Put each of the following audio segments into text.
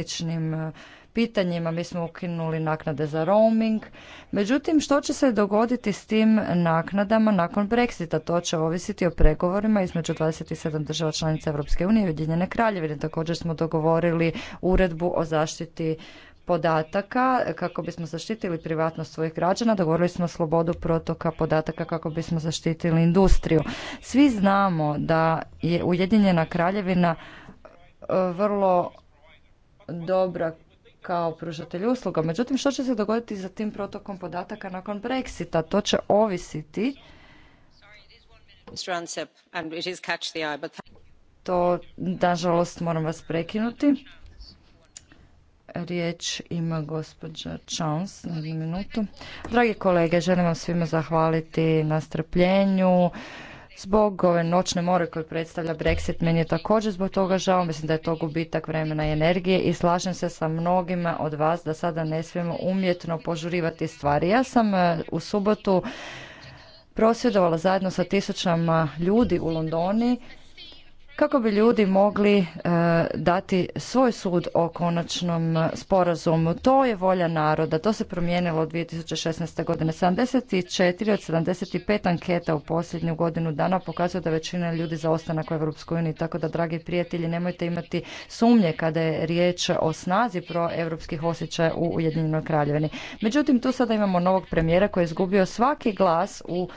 E, pitanjima. Mi smo ukinuli naknade za roaming. Međutim, što će se dogoditi s tim naknadama nakon Brexita? To će ovisiti o pregovorima između 27 država članica Europske unije i Ujedinjene kraljevine. Također smo dogovorili uredbu o zaštiti podataka kako bismo zaštitili privatnost svojih građana, dogovorili smo slobodu protoka podataka kako bismo zaštitili industriju. Svi znamo da je Ujedinjena kraljevina e, vrlo dobra kao pružatelj usluga. Međutim, što će se dogoditi za tim protokom podataka nakon Brexita? To će ovisiti to, nažalost, moram vas prekinuti. Riječ ima gospođa Chance na jednu minutu. Dragi kolege, želim vam svima zahvaliti na strpljenju zbog ove noćne more koje predstavlja Brexit. Meni je također zbog toga žao, mislim da je to gubitak vremena i energije i slažem se sa mnogima od vas da sada ne smijemo umjetno požurivati stvari. Ja sam e, u subotu prosvjedovala zajedno sa tisućama ljudi u Londoni kako bi ljudi mogli e, dati svoj sud o konačnom sporazumu. To je volja naroda. To se promijenilo od 2016. godine. 74 od 75 anketa u posljednju godinu dana pokazuje da većina ljudi za ostanak u Europskoj uniji. Tako da, dragi prijatelji, nemojte imati sumnje kada je riječ o snazi proevropskih osjećaja u Ujedinjenoj kraljevini. Međutim, tu sada imamo novog premijera koji je izgubio svaki glas u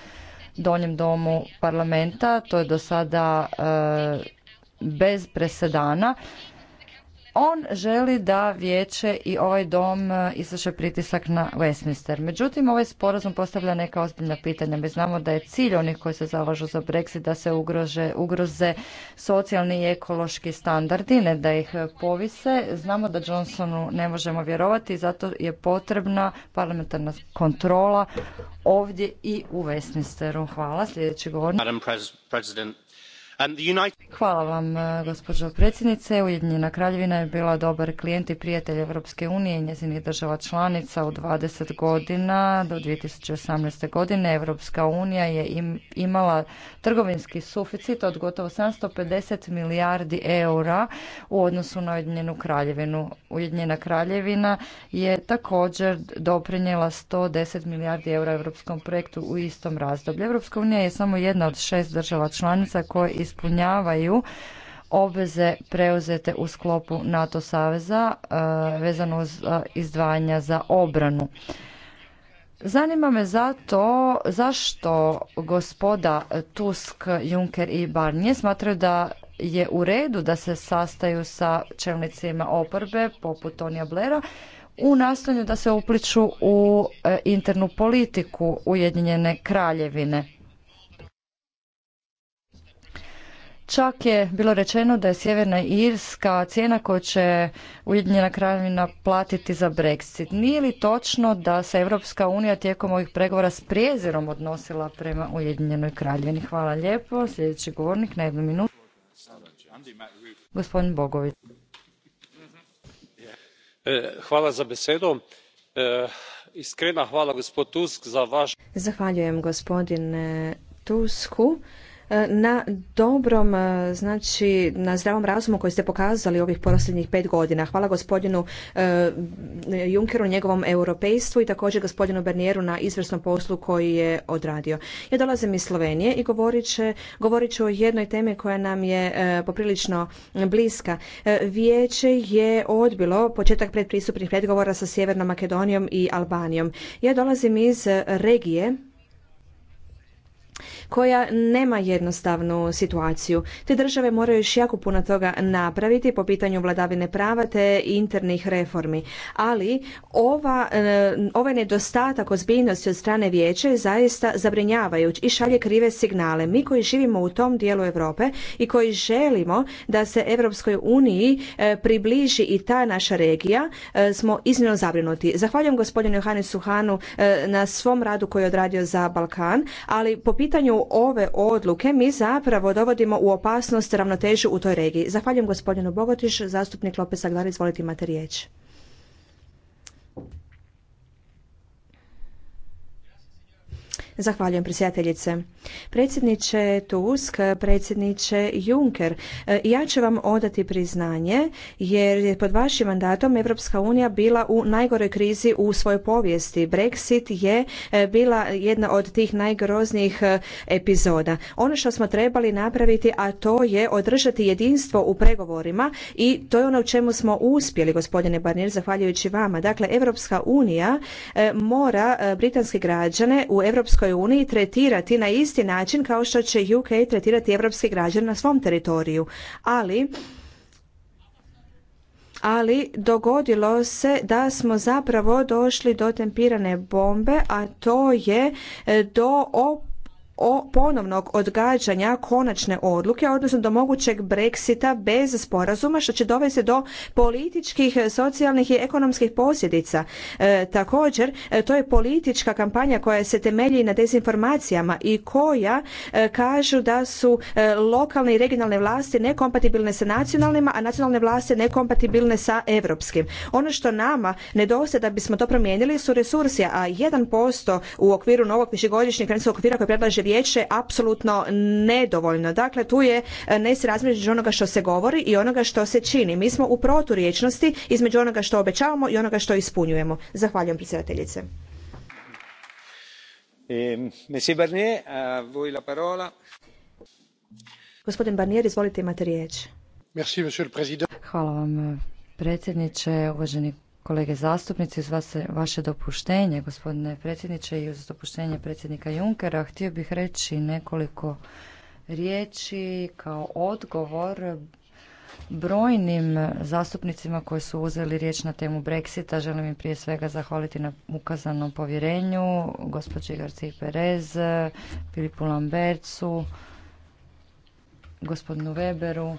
donjem domu parlamenta. To je do sada e, bez presedana on želi da vijeće i ovaj dom e, izvrše pritisak na Westminster. Međutim, ovaj sporazum postavlja neka ozbiljna pitanja. Mi znamo da je cilj onih koji se zalažu za Brexit da se ugrože, ugroze socijalni i ekološki standardi, ne da ih povise. Znamo da Johnsonu ne možemo vjerovati i zato je potrebna parlamentarna kontrola ovdje i u Westminsteru. Hvala. Sljedeći govornik. Hvala vam, eh, gospođo predsjednice. Ujedinjena kraljevina je bila dobar klijent i prijatelj Europske unije i njezinih država članica u 20 godina do 2018. godine. Europska unija je imala trgovinski suficit od gotovo 750 milijardi eura u odnosu na Ujedinjenu kraljevinu. Ujedinjena kraljevina je također doprinjela 110 milijardi eura europskom projektu u istom razdoblju. Europska unija je samo jedna od šest država članica koje ispunjavaju obveze preuzete u sklopu NATO saveza e, vezano uz e, izdvajanja za obranu. Zanima me zato zašto gospoda Tusk, Juncker i Barnier smatraju da je u redu da se sastaju sa čelnicima oporbe poput Tonija Blera u nastojanju da se upliču u e, internu politiku Ujedinjene kraljevine. Čak je bilo rečeno da je Sjeverna Irska cijena koju će Ujedinjena kraljevina platiti za Brexit. Nije li točno da se Europska unija tijekom ovih pregovora s prijezirom odnosila prema Ujedinjenoj kraljevini? Hvala lijepo. Sljedeći govornik na jednu minutu. Gospodin Bogović. E, hvala za besedu. E, iskrena hvala gospod Tusk za vaš... Zahvaljujem gospodine Tusku E, na dobrom, e, znači na zdravom razumu koji ste pokazali ovih posljednjih pet godina. Hvala gospodinu e, Junkeru, njegovom europejstvu i također gospodinu Bernieru na izvrsnom poslu koji je odradio. Ja dolazim iz Slovenije i govorit, ću o jednoj temi koja nam je poprilično bliska. Vijeće je odbilo početak predpristupnih predgovora sa Sjevernom Makedonijom i Albanijom. Ja dolazim iz regije koja nema jednostavnu situaciju. Te države moraju još jako puno toga napraviti po pitanju vladavine prava te internih reformi. Ali ova, e, ovaj nedostatak ozbiljnosti od strane vijeća je zaista zabrinjavajuć i šalje krive signale. Mi koji živimo u tom dijelu Europe i koji želimo da se Europskoj uniji e, približi i ta naša regija e, smo iznimno zabrinuti. Zahvaljujem gospodinu Johannesu Hanu na svom radu koji je odradio za Balkan, ali po pitanju pitanju ove odluke mi zapravo dovodimo u opasnost ravnotežu u toj regiji. Zahvaljujem gospodinu Bogotiš, zastupnik Lopes Aguilar, izvolite imate riječ. Zahvaljujem predsjedateljice. Predsjedniče Tusk, predsjedniče Juncker, e, ja ću vam odati priznanje jer je pod vašim mandatom Europska unija bila u najgoroj krizi u svojoj povijesti. Brexit je e, bila jedna od tih najgroznijih e, epizoda. Ono što smo trebali napraviti, a to je održati jedinstvo u pregovorima i to je ono u čemu smo uspjeli, gospodine Barnier, zahvaljujući vama. Dakle, Europska unija mora britanske građane u Europskoj Europskoj uniji tretirati na isti način kao što će UK tretirati europski građani na svom teritoriju. Ali ali dogodilo se da smo zapravo došli do tempirane bombe, a to je e, do ponovnog odgađanja konačne odluke, odnosno do mogućeg Brexita bez sporazuma, što će dovesti do političkih, socijalnih i ekonomskih posljedica. E, također, e, to je politička kampanja koja se temelji na dezinformacijama i koja e, kažu da su e, lokalne i regionalne vlasti nekompatibilne sa nacionalnima, a nacionalne vlasti nekompatibilne sa europskim. Ono što nama nedostaje da bismo to promijenili su resursi, a 1% u okviru novog višegodišnjeg financijskog okvira koji predlaže vijeće apsolutno nedovoljno. Dakle, tu je e, nesrazmjer između onoga što se govori i onoga što se čini. Mi smo u proturječnosti između onoga što obećavamo i onoga što ispunjujemo. Zahvaljujem predsjedateljice. E, Barnier, a Gospodin Barnier, izvolite imate riječ. Hvala vam predsjedniče, uvaženi kolege zastupnici, uz vas, vaše dopuštenje, gospodine predsjedniče, i uz dopuštenje predsjednika Junkera, htio bih reći nekoliko riječi kao odgovor brojnim zastupnicima koji su uzeli riječ na temu Brexita. Želim im prije svega zahvaliti na ukazanom povjerenju, gospođi Garci Perez, Filipu Lambercu, gospodinu Weberu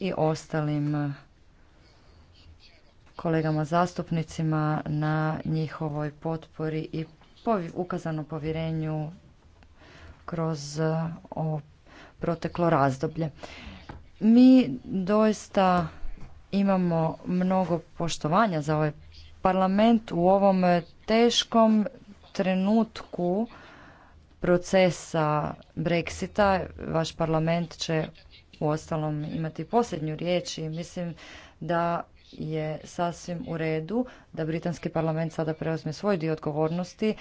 i ostalim kolegama zastupnicima na njihovoj potpori i ukazano povjerenju kroz ovo e, proteklo razdoblje. Mi doista imamo mnogo poštovanja za ovaj parlament u ovom teškom trenutku procesa Brexita. Vaš parlament će uostalom imati posljednju riječ i mislim da je sasvim u redu da britanski parlament sada preuzme svoj dio odgovornosti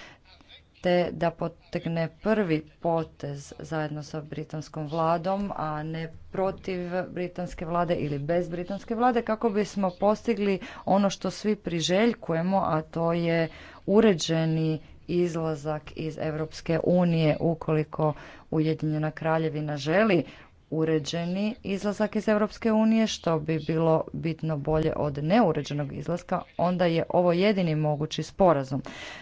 te da potegne prvi potez zajedno sa britanskom vladom, a ne protiv britanske vlade ili bez britanske vlade kako bismo postigli ono što svi priželjkujemo, a to je uređeni izlazak iz Europske unije ukoliko Ujedinjena kraljevina želi uređeni izlazak iz Europske unije, što bi bilo bitno bolje od neuređenog izlaska, onda je ovo jedini mogući sporazum.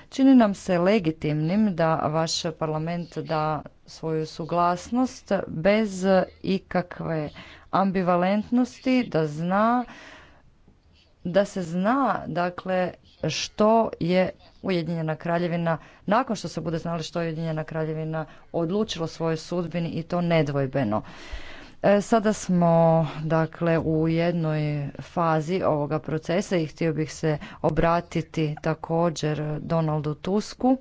Čini nam se legitimnim da vaš parlament da svoju suglasnost bez ikakve ambivalentnosti, da zna da se zna dakle što je Ujedinjena kraljevina, nakon što se bude znali što je Ujedinjena kraljevina odlučilo svojoj sudbini i to nedvojbeno. E, sada smo dakle u jednoj fazi ovoga procesa i htio bih se obratiti također Donaldu Tusku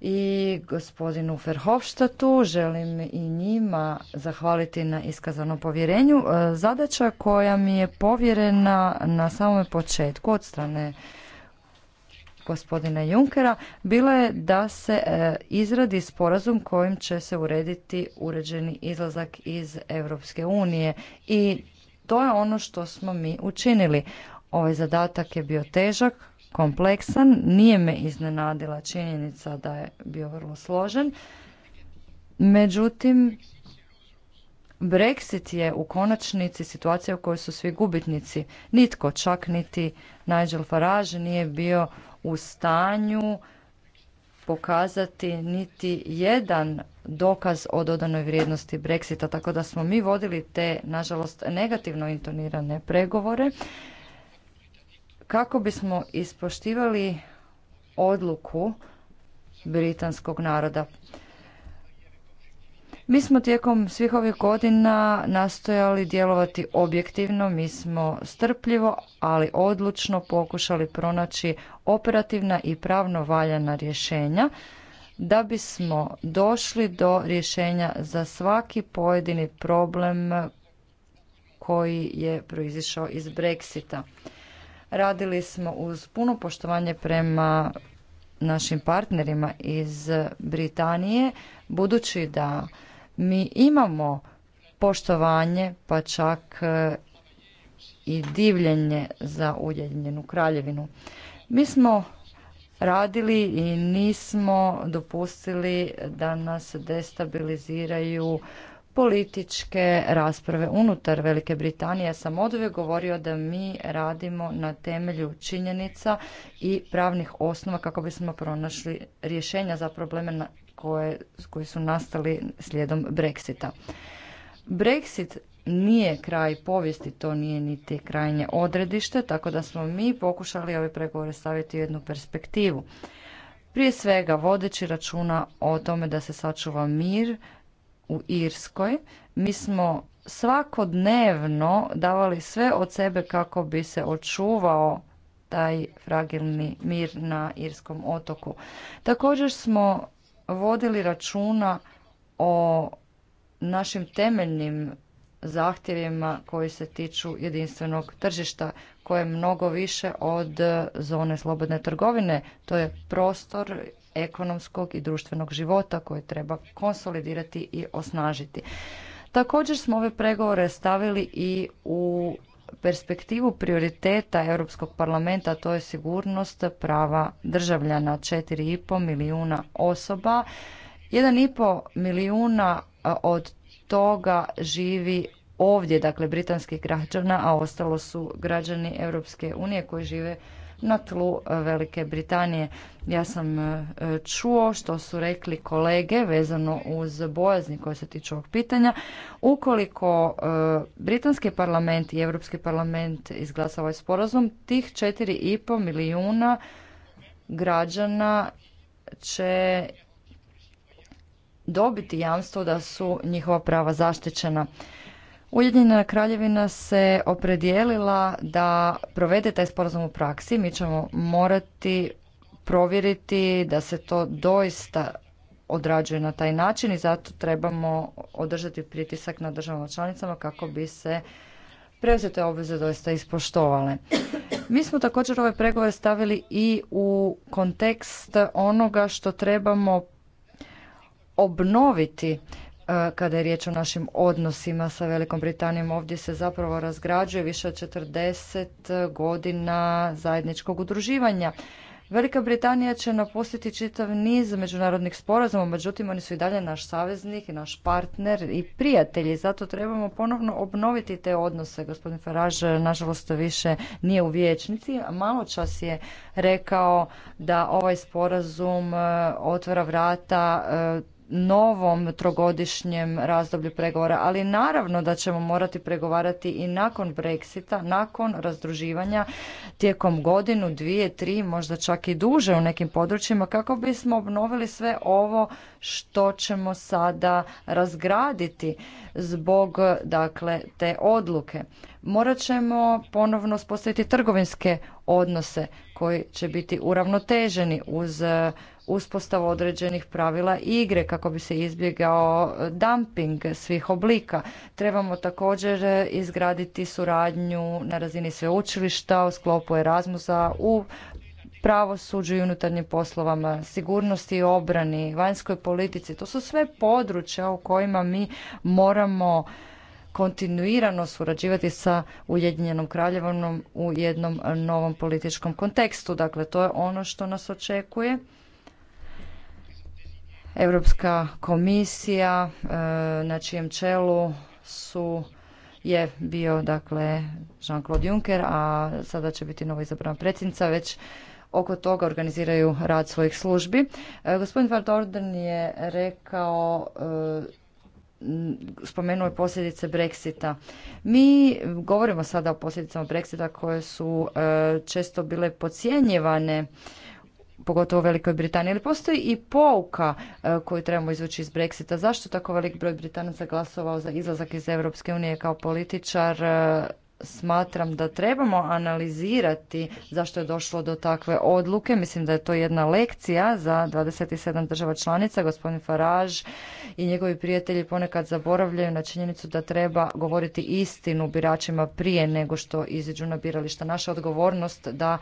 i gospodinu Ferhofštatu. Želim i njima zahvaliti na iskazanom povjerenju. E, zadaća koja mi je povjerena na samome početku od strane gospodina Junkera bila je da se e, izradi sporazum kojim će se urediti uređeni izlazak iz Europske unije i to je ono što smo mi učinili. Ovaj zadatak je bio težak, kompleksan. Nije me iznenadila činjenica da je bio vrlo složen. Međutim, Brexit je u konačnici situacija u kojoj su svi gubitnici. Nitko, čak niti Nigel Farage nije bio u stanju pokazati niti jedan dokaz o dodanoj vrijednosti Brexita, tako da smo mi vodili te, nažalost, negativno intonirane pregovore kako bismo ispoštivali odluku britanskog naroda. Mi smo tijekom svih ovih godina nastojali djelovati objektivno, mi smo strpljivo, ali odlučno pokušali pronaći operativna i pravno valjana rješenja da bismo došli do rješenja za svaki pojedini problem koji je proizišao iz Brexita. Radili smo uz puno poštovanje prema našim partnerima iz Britanije, budući da mi imamo poštovanje, pa čak e, i divljenje za Ujedinjenu kraljevinu. Mi smo radili i nismo dopustili da nas destabiliziraju političke rasprave unutar Velike Britanije. sam oduvijek govorio da mi radimo na temelju činjenica i pravnih osnova kako bismo pronašli rješenja za probleme koje, koji su nastali slijedom Brexita. Brexit nije kraj povijesti, to nije niti krajnje odredište, tako da smo mi pokušali ove pregovore staviti u jednu perspektivu. Prije svega vodeći računa o tome da se sačuva mir, u Irskoj, mi smo svakodnevno davali sve od sebe kako bi se očuvao taj fragilni mir na Irskom otoku. Također smo vodili računa o našim temeljnim zahtjevima koji se tiču jedinstvenog tržišta koje je mnogo više od zone slobodne trgovine. To je prostor ekonomskog i društvenog života koje treba konsolidirati i osnažiti. Također smo ove pregovore stavili i u perspektivu prioriteta Europskog parlamenta, a to je sigurnost prava državljana 4,5 milijuna osoba. 1,5 milijuna od toga živi ovdje, dakle britanskih građana, a ostalo su građani Europske unije koji žive na tlu e, Velike Britanije. Ja sam e, čuo što su rekli kolege vezano uz bojazni koje se tiču ovog pitanja. Ukoliko e, Britanski parlament i Europski parlament izglasa ovaj sporazum, tih 4,5 milijuna građana će dobiti jamstvo da su njihova prava zaštićena. Ujedinjena kraljevina se opredijelila da provede taj sporazum u praksi. Mi ćemo morati provjeriti da se to doista odrađuje na taj način i zato trebamo održati pritisak na državama članicama kako bi se preuzete obveze doista ispoštovale. Mi smo također ove pregovore stavili i u kontekst onoga što trebamo obnoviti E, kada je riječ o našim odnosima sa Velikom Britanijom. Ovdje se zapravo razgrađuje više od 40 godina zajedničkog udruživanja. Velika Britanija će napustiti čitav niz međunarodnih sporazuma, međutim oni su i dalje naš saveznik i naš partner i prijatelji, zato trebamo ponovno obnoviti te odnose. Gospodin Farage nažalost više nije u vijećnici, a malo čas je rekao da ovaj sporazum e, otvara vrata e, novom trogodišnjem razdoblju pregovora, ali naravno da ćemo morati pregovarati i nakon Brexita, nakon razdruživanja tijekom godinu, dvije, tri, možda čak i duže u nekim područjima kako bismo obnovili sve ovo što ćemo sada razgraditi zbog dakle te odluke. Morat ćemo ponovno uspostaviti trgovinske odnose koji će biti uravnoteženi uz uspostavu određenih pravila igre kako bi se izbjegao dumping svih oblika. Trebamo također izgraditi suradnju na razini sveučilišta u sklopu Erasmusa u pravosuđu i unutarnjim poslovama, sigurnosti i obrani, vanjskoj politici. To su sve područja u kojima mi moramo kontinuirano surađivati sa Ujedinjenom kraljevom u jednom novom političkom kontekstu. Dakle, to je ono što nas očekuje Europska komisija e, na čijem čelu su je bio dakle Jean-Claude Juncker, a sada će biti novo izabrana predsjednica, već oko toga organiziraju rad svojih službi. E, gospodin Van Orden je rekao, e, spomenuo je posljedice Brexita. Mi govorimo sada o posljedicama Brexita koje su često bile podcjenjivane pogotovo u Velikoj Britaniji. Ali postoji i pouka e, koju trebamo izvući iz Brexita. Zašto tako velik broj Britanaca glasovao za izlazak iz Europske unije kao političar e, smatram da trebamo analizirati zašto je došlo do takve odluke. Mislim da je to jedna lekcija za 27 država članica. Gospodin Farage i njegovi prijatelji ponekad zaboravljaju na činjenicu da treba govoriti istinu biračima prije nego što iziđu na birališta. Naša odgovornost da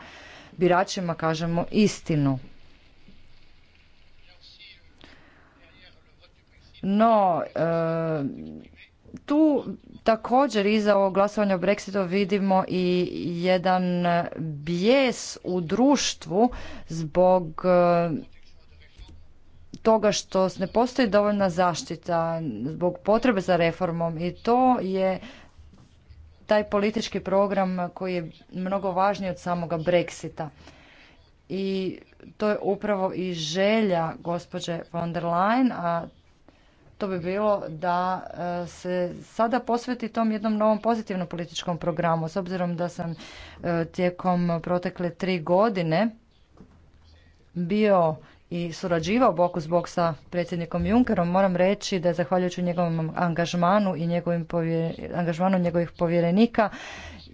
biračima kažemo istinu. No, e, tu također iza ovog glasovanja o Brexitu vidimo i jedan bijes u društvu zbog e, toga što ne postoji dovoljna zaštita zbog potrebe za reformom i to je taj politički program koji je mnogo važniji od samoga Brexita. I to je upravo i želja gospođe von der Leyen, a to bi bilo da e, se sada posveti tom jednom novom pozitivnom političkom programu. S obzirom da sam e, tijekom protekle tri godine bio i surađivao bok uz bok sa predsjednikom Junckerom, moram reći da je zahvaljujući njegovom angažmanu i njegovim angažmanu njegovih povjerenika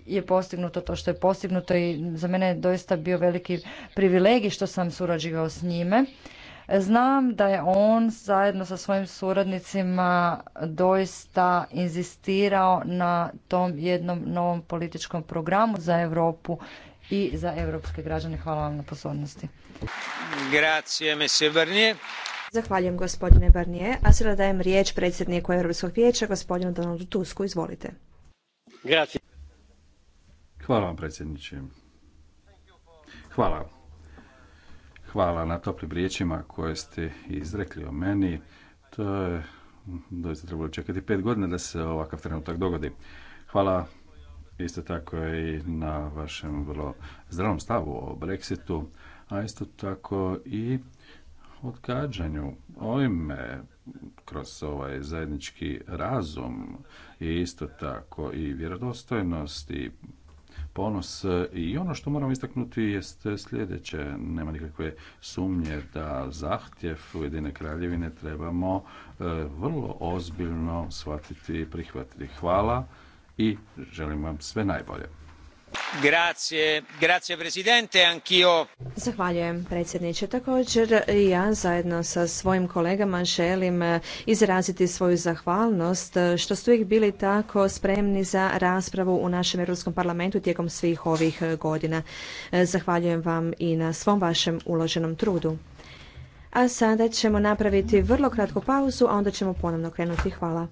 je postignuto to što je postignuto i za mene je doista bio veliki privilegij što sam surađivao s njime. Znam da je on zajedno sa svojim suradnicima doista inzistirao na tom jednom novom političkom programu za Europu i za europske građane. Hvala vam na pozornosti. Grazie, Zahvaljujem gospodine Barnier, a sada dajem riječ predsjedniku Europskog vijeća gospodinu Donaldu Tusku. Izvolite. Grazie. Hvala vam predsjedniče. Hvala Hvala na toplim riječima koje ste izrekli o meni. To je doista trebalo čekati pet godina da se ovakav trenutak dogodi. Hvala isto tako i na vašem vrlo zdravom stavu o Brexitu, a isto tako i odgađanju. Ovime, kroz ovaj zajednički razum i isto tako i vjerodostojnost i ponos i ono što moram istaknuti jest sljedeće. Nema nikakve sumnje da zahtjev Ujedine kraljevine trebamo e, vrlo ozbiljno shvatiti i prihvatiti. Hvala i želim vam sve najbolje. Zahvaljujem predsjedniče. Također ja zajedno sa svojim kolegama želim eh, izraziti svoju zahvalnost eh, što ste uvijek bili tako spremni za raspravu u našem Europskom parlamentu tijekom svih ovih eh, godina. Zahvaljujem vam i na svom vašem uloženom trudu. A sada ćemo napraviti vrlo kratku pauzu, a onda ćemo ponovno krenuti. Hvala.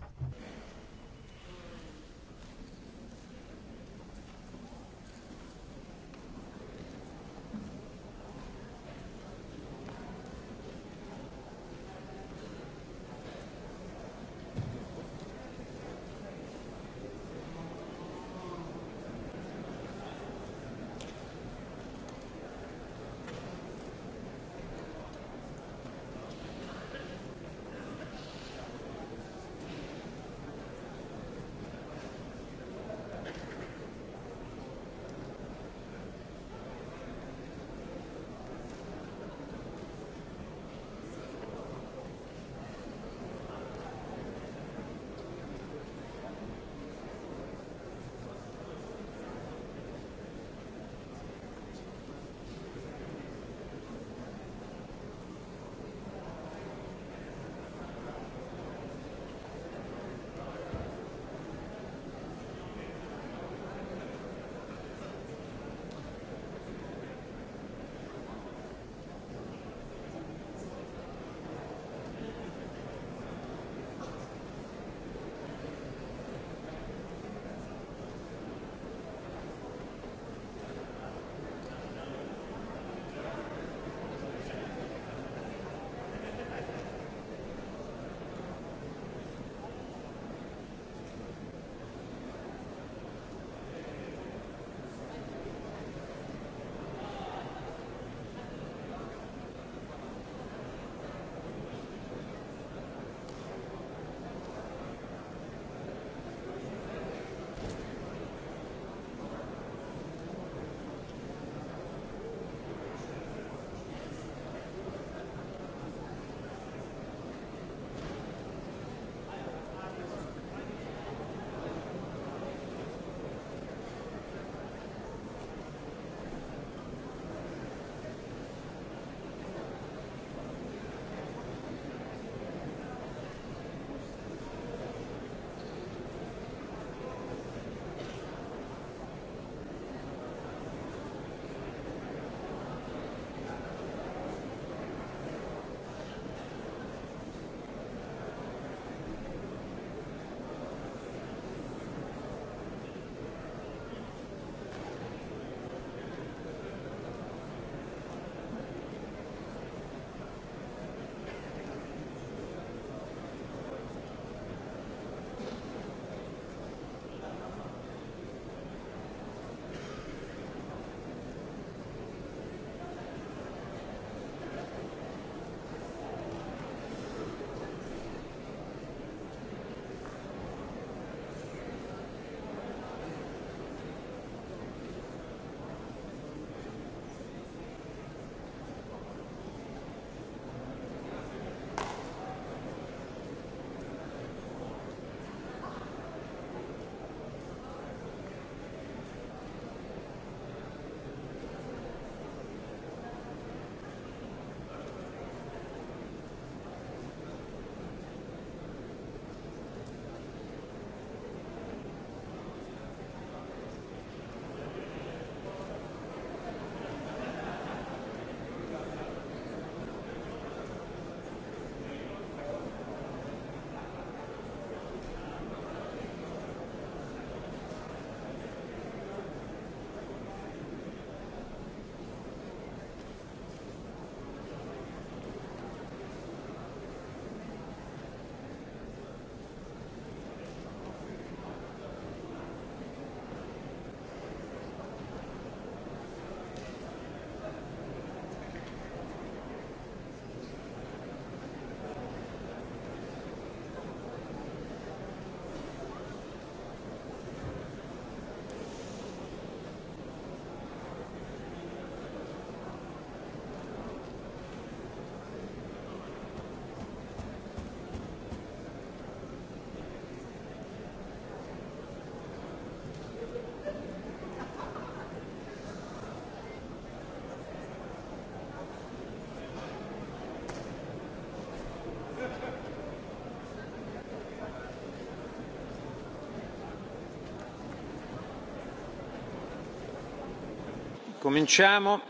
Cominciamo.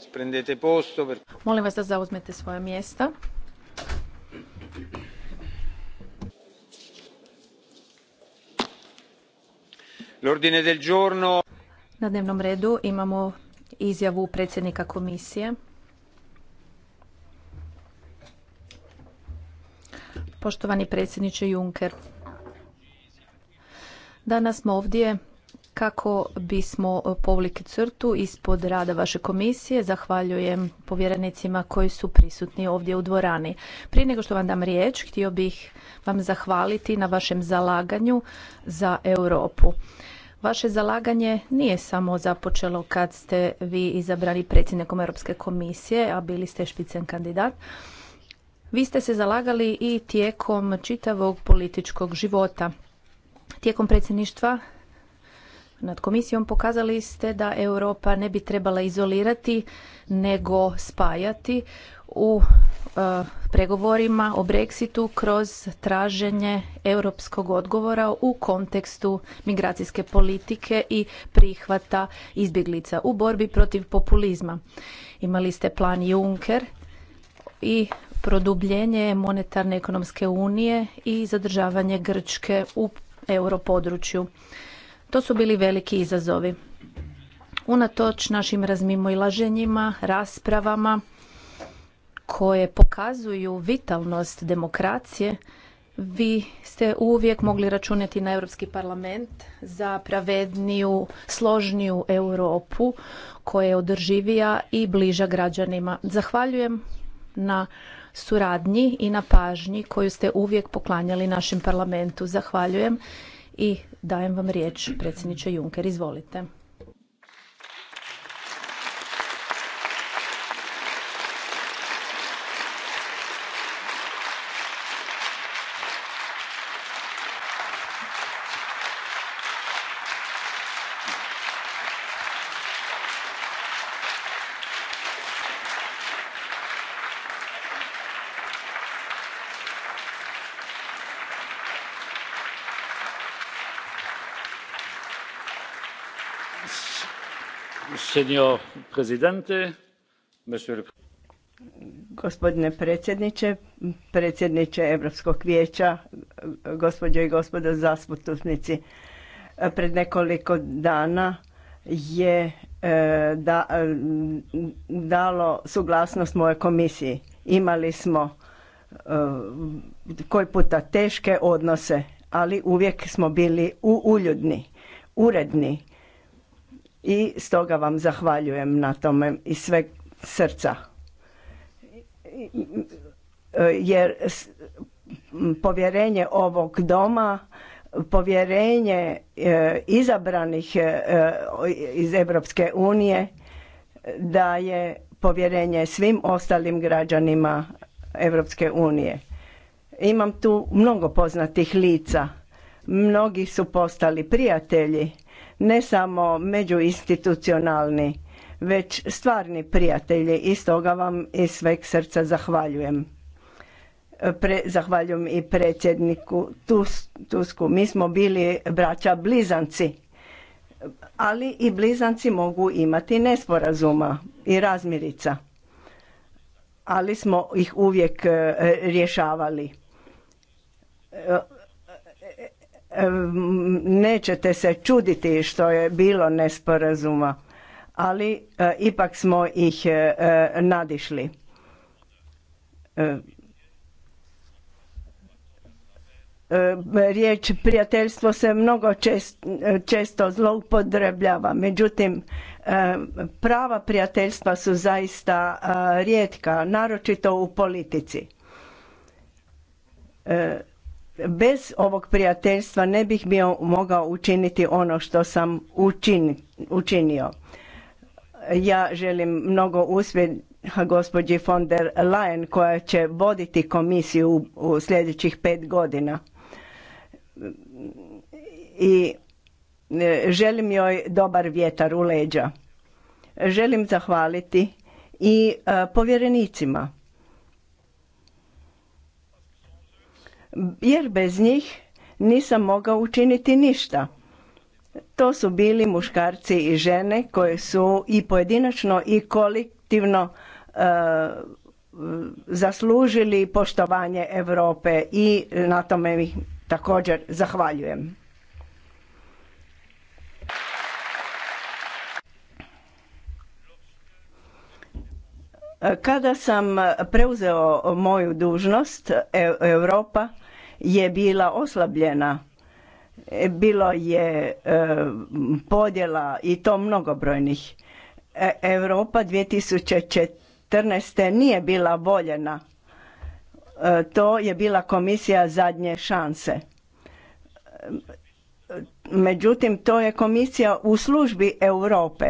Sprendete posto. Molim vas da zauzmete svoja mjesta. del Na dnevnom redu imamo izjavu predsjednika komisije. Poštovani predsjedniče Juncker, danas smo ovdje kako bismo povliki crtu ispod rada vaše komisije. Zahvaljujem povjerenicima koji su prisutni ovdje u dvorani. Prije nego što vam dam riječ, htio bih vam zahvaliti na vašem zalaganju za Europu. Vaše zalaganje nije samo započelo kad ste vi izabrani predsjednikom Europske komisije, a bili ste špicen kandidat. Vi ste se zalagali i tijekom čitavog političkog života. Tijekom predsjedništva nad komisijom pokazali ste da Europa ne bi trebala izolirati nego spajati u e, pregovorima o Brexitu kroz traženje europskog odgovora u kontekstu migracijske politike i prihvata izbjeglica u borbi protiv populizma. Imali ste plan Juncker i produbljenje monetarne ekonomske unije i zadržavanje Grčke u europodručju. To su bili veliki izazovi. Unatoč našim razmimoilaženjima, raspravama koje pokazuju vitalnost demokracije, vi ste uvijek mogli računati na Europski parlament za pravedniju, složniju Europu koja je održivija i bliža građanima. Zahvaljujem na suradnji i na pažnji koju ste uvijek poklanjali našem parlamentu. Zahvaljujem i dajem vam riječ predsjedniče Juncker, izvolite. Gospodine predsjedniče, predsjedniče Europskog vijeća, gospođo i gospodo zastupnici, pred nekoliko dana je e, dalo suglasnost moje komisiji. Imali smo e, koji puta teške odnose, ali uvijek smo bili uljudni, uredni i stoga vam zahvaljujem na tome iz sveg srca. Jer povjerenje ovog doma, povjerenje e, izabranih e, iz Europske unije da je povjerenje svim ostalim građanima Europske unije. Imam tu mnogo poznatih lica. Mnogi su postali prijatelji ne samo međuinstitucionalni, već stvarni prijatelji i stoga vam iz sveg srca zahvaljujem. Pre, zahvaljujem i predsjedniku Tusku. Mi smo bili braća blizanci, ali i blizanci mogu imati nesporazuma i razmirica. Ali smo ih uvijek e, rješavali nećete se čuditi što je bilo nesporazuma, ali e, ipak smo ih e, e, nadišli. Riječ prijateljstvo se mnogo čest, često zloupotrebljava, međutim prava prijateljstva su zaista rijetka, naročito u politici. Bez ovog prijateljstva ne bih bio mogao učiniti ono što sam učinio. Ja želim mnogo uspjeha gospođi von der Leyen koja će voditi komisiju u, u sljedećih pet godina. I e, želim joj dobar vjetar u leđa. Želim zahvaliti i e, povjerenicima jer bez njih nisam mogao učiniti ništa. To su bili muškarci i žene koje su i pojedinačno i kolektivno e, zaslužili poštovanje Europe i na tome ih također zahvaljujem. Kada sam preuzeo moju dužnost, e, Europa je bila oslabljena. E, bilo je e, podjela i to mnogobrojnih. E, Europa 2014. nije bila voljena. To je bila komisija zadnje šanse. Međutim, to je komisija u službi Europe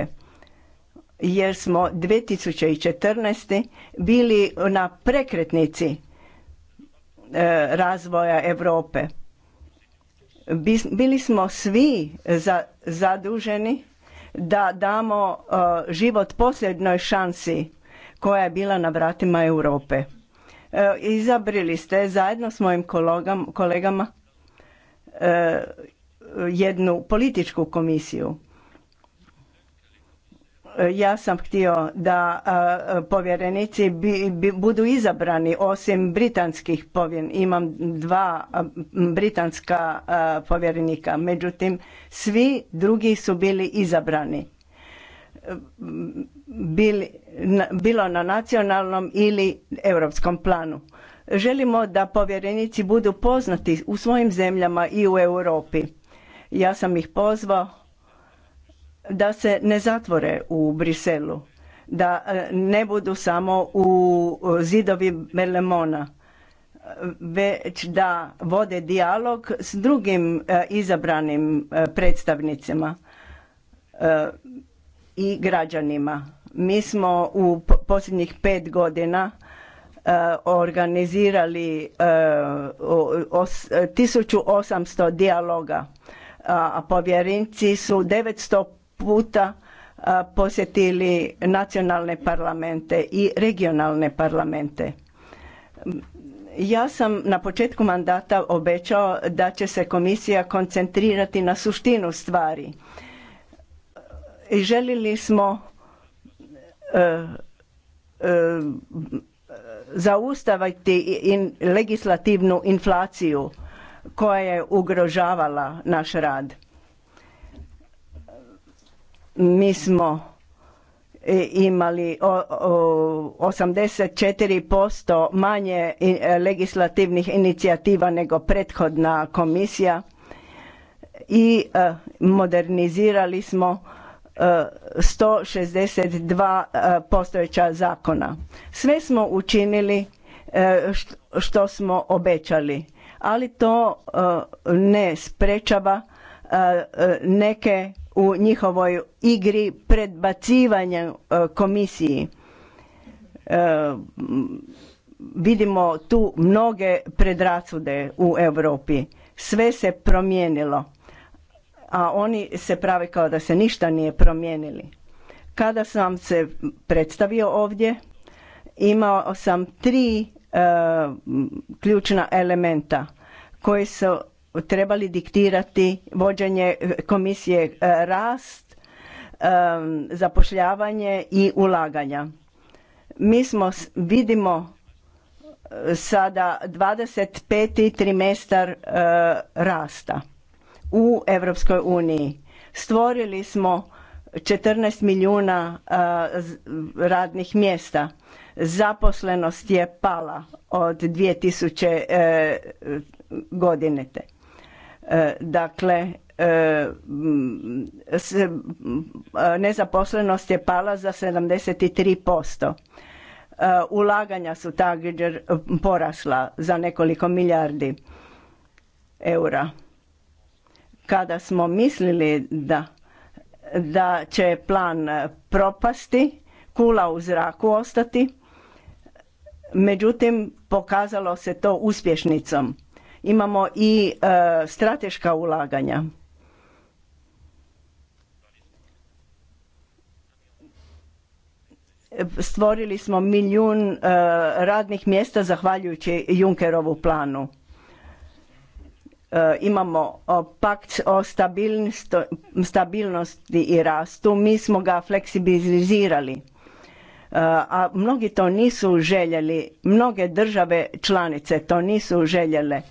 jer smo 2014. bili na prekretnici E, razvoja Europe. Bili smo svi za, zaduženi da damo e, život posljednoj šansi koja je bila na vratima Europe. E, izabrili ste zajedno s mojim kolegama jednu političku komisiju ja sam htio da e, povjerenici budu izabrani osim britanskih povjerenika. Imam dva e, britanska e, povjerenika, međutim svi drugi su bili izabrani. bilo na nacionalnom ili europskom planu. Želimo da povjerenici budu poznati u svojim zemljama i u Europi. Ja sam ih pozvao da se ne zatvore u Briselu, da e, ne budu samo u zidovi Berlemona, e, već da vode dijalog s drugim e, izabranim predstavnicima i građanima. Mi smo u posljednjih pet godina organizirali 1800 dijaloga, a povjerenci su 900 puta posjetili nacionalne parlamente i regionalne parlamente. Ja sam na početku mandata obećao da će se komisija koncentrirati na suštinu stvari. I željeli smo e, e, zaustaviti in, legislativnu inflaciju koja je ugrožavala naš rad mi smo e, imali 84% manje e, legislativnih inicijativa nego prethodna komisija i e, modernizirali smo 162 postojeća zakona. Sve smo učinili što smo obećali, ali to ne sprečava neke u njihovoj igri predbacivanja e, komisiji. E, vidimo tu mnoge predrasude u Europi. Sve se promijenilo, a oni se prave kao da se ništa nije promijenili. Kada sam se predstavio ovdje, imao sam tri e, ključna elementa koji su trebali diktirati vođenje eh, komisije eh, rast, zapošljavanje i ulaganja. Mi smo, vidimo eh, sada 25. trimestar rasta u Europskoj uniji. Stvorili smo 14 milijuna radnih mjesta. Zaposlenost je pala od 2000 godine. E, dakle, e, nezaposlenost je pala za 73%. E, ulaganja su također porasla za nekoliko milijardi eura. Kada smo mislili da, da će plan propasti, kula u zraku ostati, međutim pokazalo se to uspješnicom imamo i e, strateška ulaganja. Stvorili smo milijun e, radnih mjesta zahvaljujući Junkerovu planu. E, imamo pakt o stabilnosti i rastu, mi smo ga fleksibilizirali a mnogi to nisu željeli, mnoge države članice to nisu željele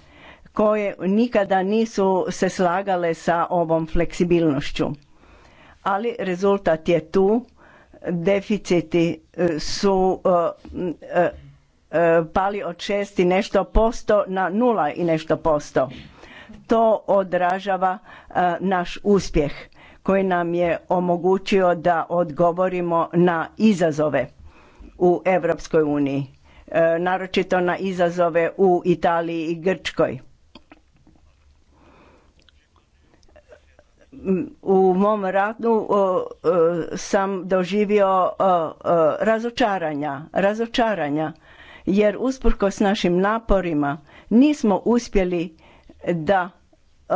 koje nikada nisu se slagale sa ovom fleksibilnošću. Ali rezultat je tu, deficiti e, su e, e, pali od šest i nešto posto na nula i nešto posto. To odražava naš uspjeh koji nam je omogućio da odgovorimo na izazove u Europskoj uniji, naročito na izazove u Italiji i Grčkoj u mom radu e, sam doživio e, razočaranja, razočaranja jer usprkos našim naporima nismo uspjeli da e,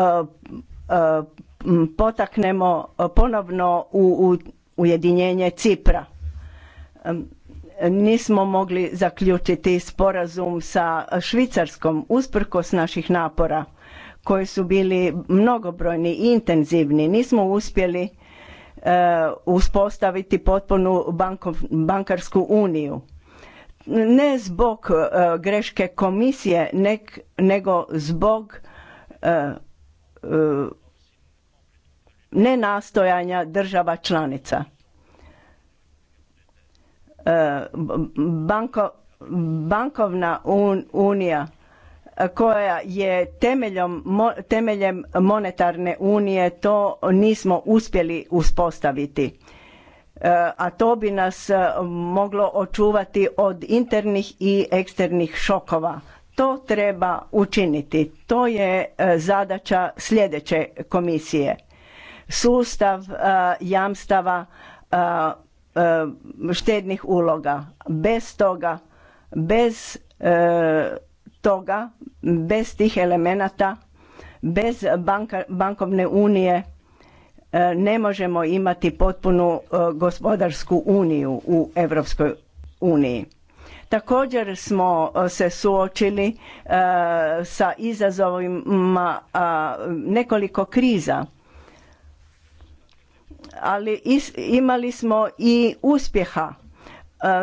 potaknemo ponovno u ujedinjenje Cipra. Nismo mogli zaključiti sporazum sa Švicarskom usprkos naših napora koji su bili mnogobrojni i intenzivni nismo uspjeli e, uspostaviti potpunu bankarsku uniju ne zbog e, greške komisije nego zbog e, nenastojanja država članica bankovna unija koja je temeljem monetarne unije to nismo uspjeli uspostaviti e, a to bi nas e, moglo očuvati od internih i eksternih šokova. To treba učiniti. To je e, zadaća sljedeće komisije. Sustav jamstava štednih uloga. Bez toga, bez toga, bez tih elemenata, bez banka, bankovne unije e, ne možemo imati potpunu e, gospodarsku uniju u Europskoj uniji. Također smo e, se suočili sa izazovima nekoliko kriza ali imali smo i uspjeha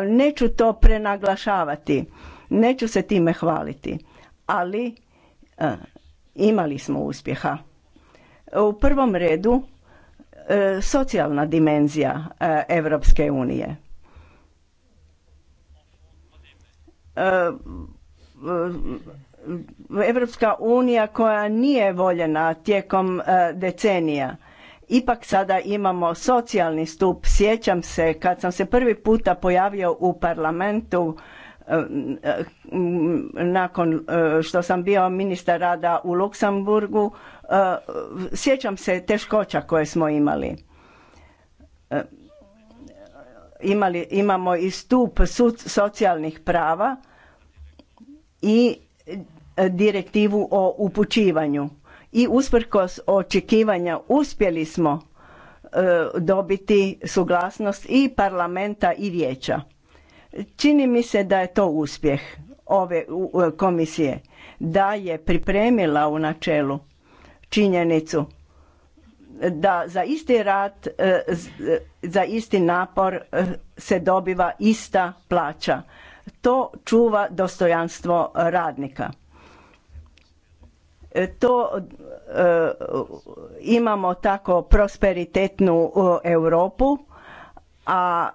neću to prenaglašavati Neću se time hvaliti, ali e, imali smo uspjeha. U prvom redu e, socijalna dimenzija Europske unije. Europska e, unija koja nije voljena tijekom decenija. Ipak sada imamo socijalni stup. Sjećam se kad sam se prvi puta pojavio u parlamentu Eh, nakon eh, što sam bio ministar rada u Luksemburgu, eh, sjećam se teškoća koje smo imali. imali imamo i stup socijalnih prava i direktivu o upućivanju. I usprkos očekivanja uspjeli smo dobiti suglasnost i parlamenta i vijeća Čini mi se da je to uspjeh ove komisije, da je pripremila u načelu činjenicu da za isti rad, e, e, za isti napor e, se dobiva ista plaća. To čuva dostojanstvo radnika. To imamo tako prosperitetnu Europu, a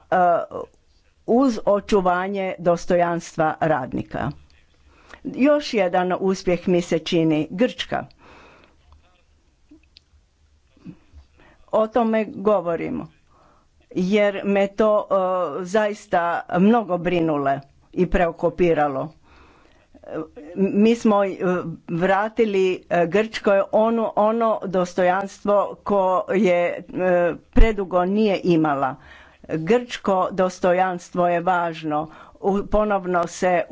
uz očuvanje dostojanstva radnika. Još jedan uspjeh mi se čini Grčka. O tome govorimo jer me to e, zaista mnogo brinule i preokopiralo. E, mi smo e, vratili Grčkoj ono, ono dostojanstvo koje predugo nije imala Grčko dostojanstvo je važno. Ponovno se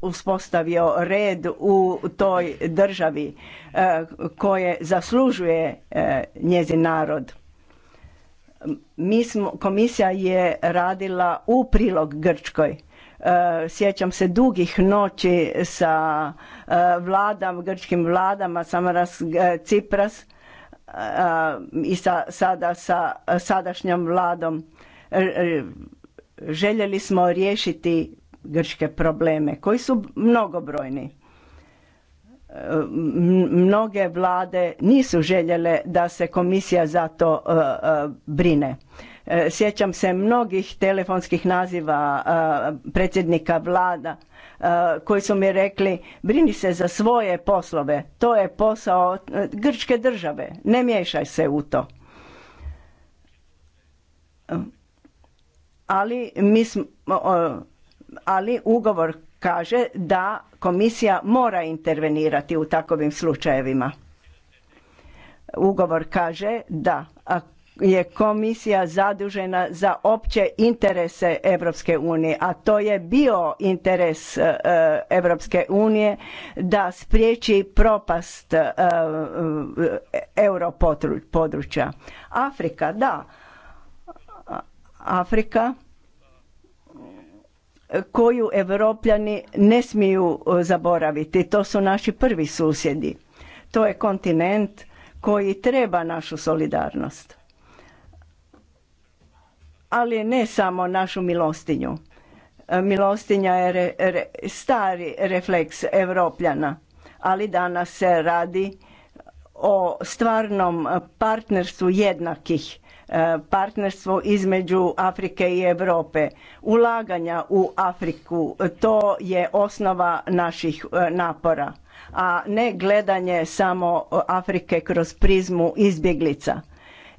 uspostavio red u toj državi e, koje zaslužuje e, njezin narod. komisija je radila u prilog Grčkoj. E, sjećam se dugih noći sa vladama, grčkim vladama, Samaras Cipras i sada sa sadašnjom vladom željeli smo riješiti grčke probleme koji su mnogobrojni. E, mnoge vlade nisu željele da se komisija za to e, e, brine. Sjećam se mnogih telefonskih naziva predsjednika vlada koji su mi rekli brini se za svoje poslove, to je posao grčke države, ne miješaj se u to ali mi ali ugovor kaže da komisija mora intervenirati u takovim slučajevima. Ugovor kaže da je komisija zadužena za opće interese Europske unije, a to je bio interes Europske e, unije da spriječi propast e, e, europodručja. Afrika, da, Afrika koju Evropljani ne smiju e, zaboraviti. To su naši prvi susjedi. To je kontinent koji treba našu solidarnost. Ali ne samo našu milostinju. E, milostinja je stari refleks Evropljana, ali danas se radi o stvarnom partnerstvu jednakih E, partnerstvo između Afrike i Europe. Ulaganja u Afriku, to je osnova naših e, napora, a ne gledanje samo Afrike kroz prizmu izbjeglica.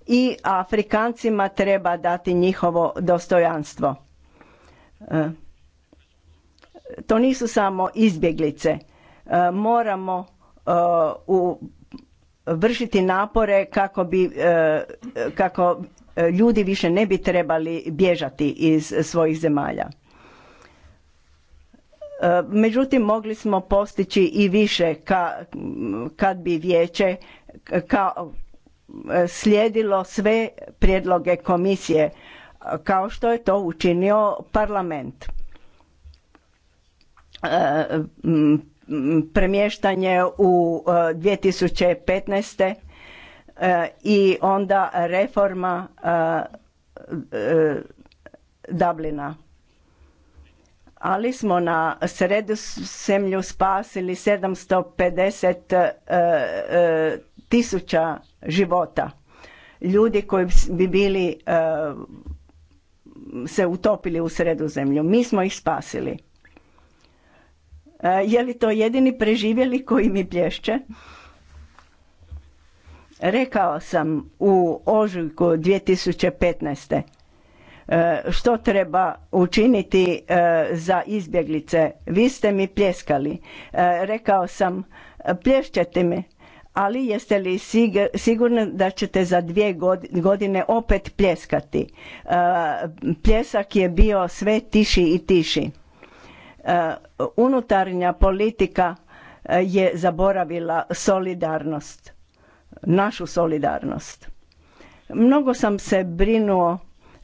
I Afrikancima treba dati njihovo dostojanstvo. E, to nisu samo izbjeglice. Moramo u vršiti napore kako bi e, kako e, ljudi više ne bi trebali bježati iz svojih zemalja. E, međutim, mogli smo postići i više ka, kad bi vijeće kao slijedilo sve prijedloge komisije kao što je to učinio parlament premještanje u 2015. E, e, i onda reforma e, Dublina. Ali smo na sredozemlju spasili 750 tisuća života. Ljudi koji bi bili se utopili u sredozemlju. Mi smo ih spasili. E, je li to jedini preživjeli koji mi plješće? Rekao sam u ožujku 2015. E, što treba učiniti e, za izbjeglice? Vi ste mi pljeskali. Rekao sam plješćete mi, ali jeste li sigurni da ćete za dvije godine opet pljeskati? Pljesak je bio sve tiši i tiši. E, unutarnja politika e, je zaboravila solidarnost, našu solidarnost. Mnogo sam se brinuo,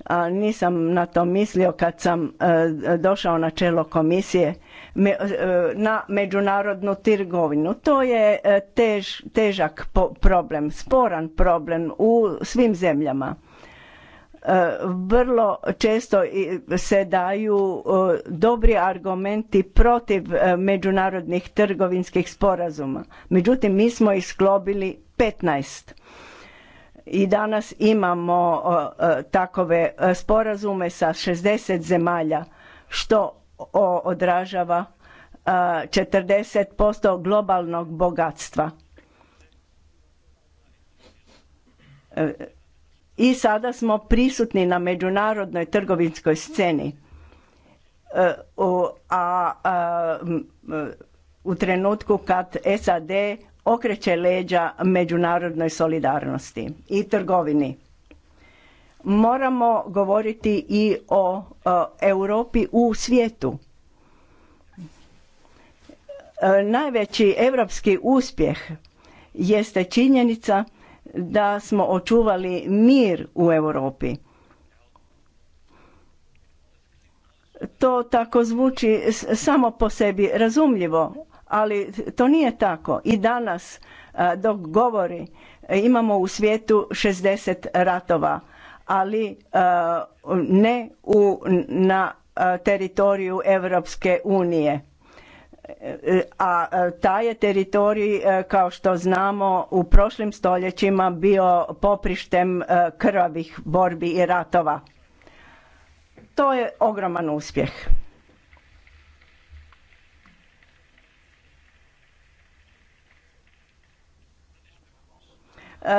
a nisam na to mislio kad sam e, došao na čelo komisije, na međunarodnu trgovinu. To je težak problem, sporan problem u svim zemljama E, vrlo često se daju e, dobri argumenti protiv e, međunarodnih trgovinskih sporazuma. Međutim, mi smo ih 15. I danas imamo takove sporazume sa 60 zemalja, što odražava 40% globalnog bogatstva i sada smo prisutni na međunarodnoj trgovinskoj sceni. E, a u trenutku kad SAD okreće leđa međunarodnoj solidarnosti i trgovini. Moramo govoriti i o Europi u svijetu. E, najveći europski uspjeh jeste činjenica da smo očuvali mir u Europi. To tako zvuči samo po sebi razumljivo, ali to nije tako. I danas dok govori imamo u svijetu 60 ratova, ali ne u, na teritoriju Europske unije a e, taj je teritorij e, kao što znamo u prošlim stoljećima bio poprištem e, krvavih borbi i ratova. To je ogroman uspjeh.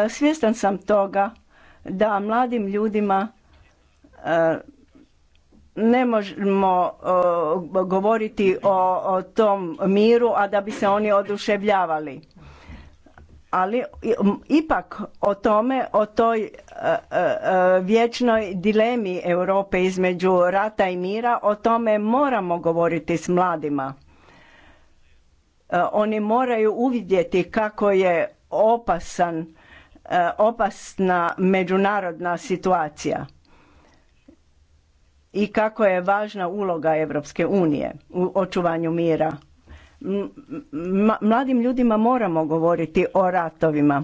Svjestan sam toga da mladim ljudima ne možemo govoriti o, o tom miru a da bi se oni oduševljavali ali ipak o tome o toj uh, vječnoj dilemi Europe između rata i mira o tome moramo govoriti s mladima oni moraju uvidjeti kako je opasan opasna međunarodna situacija i kako je važna uloga Europske unije u očuvanju mira. Mladim ljudima moramo govoriti o ratovima.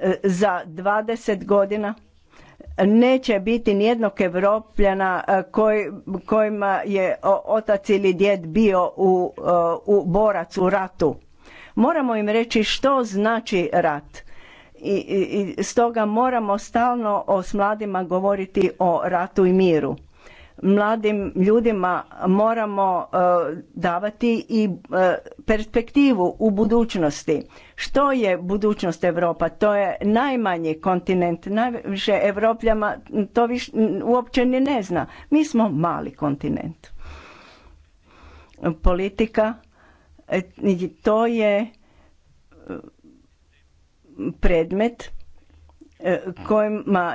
E, za 20 godina neće biti nijednog Evropljana e, kojima je otac ili djed bio e, u, borac u ratu. Moramo im reći što znači rat. I, i, stoga moramo stalno s mladima govoriti o ratu i miru mladim ljudima moramo e, davati i e, perspektivu u budućnosti. Što je budućnost Europa? To je najmanji kontinent, najviše Evropljama to viš, uopće ni ne zna. Mi smo mali kontinent. Politika e, to je predmet kojima,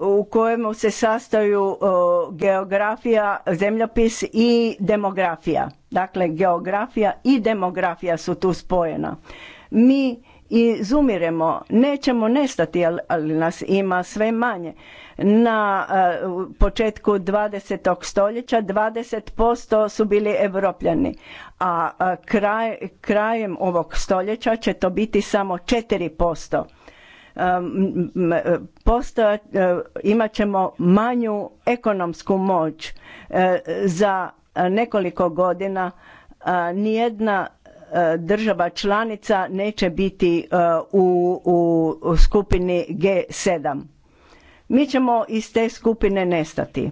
u kojemu se sastaju geografija, zemljopis i demografija. Dakle, geografija i demografija su tu spojena. Mi izumiremo, nećemo nestati, ali nas ima sve manje. Na e, početku 20. stoljeća 20% su bili evropljani, a krajem ovog stoljeća će to biti samo 4%. E, e, imat ćemo manju ekonomsku moć e, za nekoliko godina nijedna država članica neće biti u, skupini G7. Mi ćemo iz te skupine nestati.